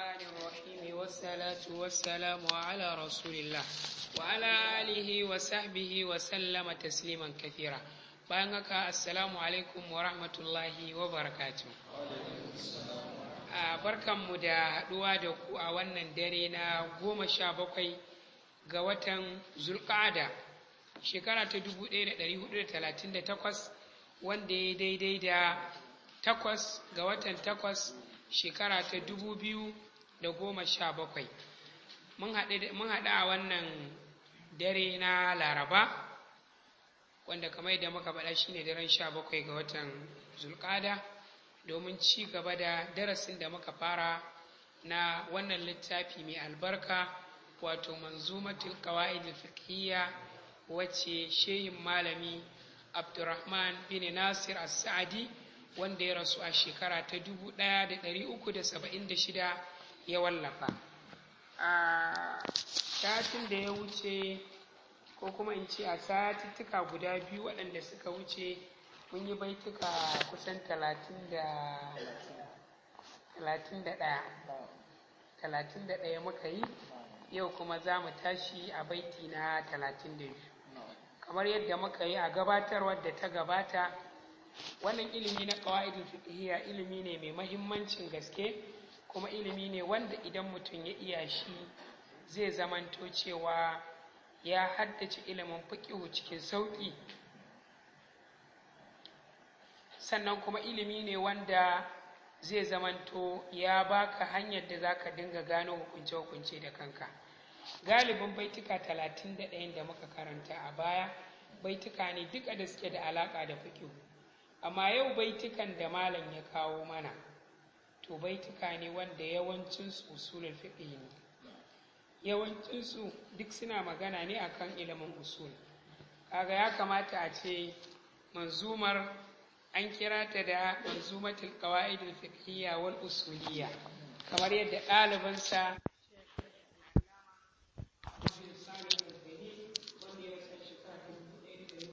الرحمن الرحيم والصلاة والسلام على رسول الله وعلى آله وصحبه وسلم تسليما كثيرا bayan haka assalamu alaikum wa rahmatullahi wa barakatu mu da haɗuwa da ku a wannan dare na goma sha bakwai ga watan zulƙada shekara ta 1438 wanda ya daidai da takwas ga watan takwas shekara ta dubu biyu da goma sha bakwai mun haɗa a wannan dare na laraba wanda kamar yadda muka faɗa shine daren sha bakwai ga watan zulƙada domin ci gaba da darasin da muka fara na wannan littafi mai albarka wato manzumatul qawaidul fiqhiyya wacce shehin malami abdurrahman bin nasir as-sa'di wanda ya rasu a shekara ta 1376 ya wallafa a satin da ya wuce ko kuma in ce a satittuka guda biyu waɗanda suka wuce mun yi baituka kusan talatin da ɗaya muka yi yau kuma za mu tashi a baiti na talatin da biyu kamar yadda muka yi a gabatarwar da ta gabata wannan ilimi na ƙawa'idin fiqhiyya ilimi ne mai mahimmancin gaske kuma ilimi ne wanda idan mutum ya iya shi zai zamanto cewa ya haddace ilimin fiƙihu cikin sauƙi sannan kuma ilimi ne wanda zai zamanto ya baka hanyar da za ka dinga gano hukunce-hukunce da kanka galibin baituka 31 da muka karanta a baya baituka ne duka da suke da alaƙa da fiƙihu amma yau baitukan da malam ya kawo mana to ne wanda yawancinsu usulul fiqh ne yawancinsu duk suna magana ne akan ilimin usul kaga ya kamata a ce manzumar an kira ta da manzumatul qawaidul fiqhiyya wal usuliyya kamar yadda ɗalibansa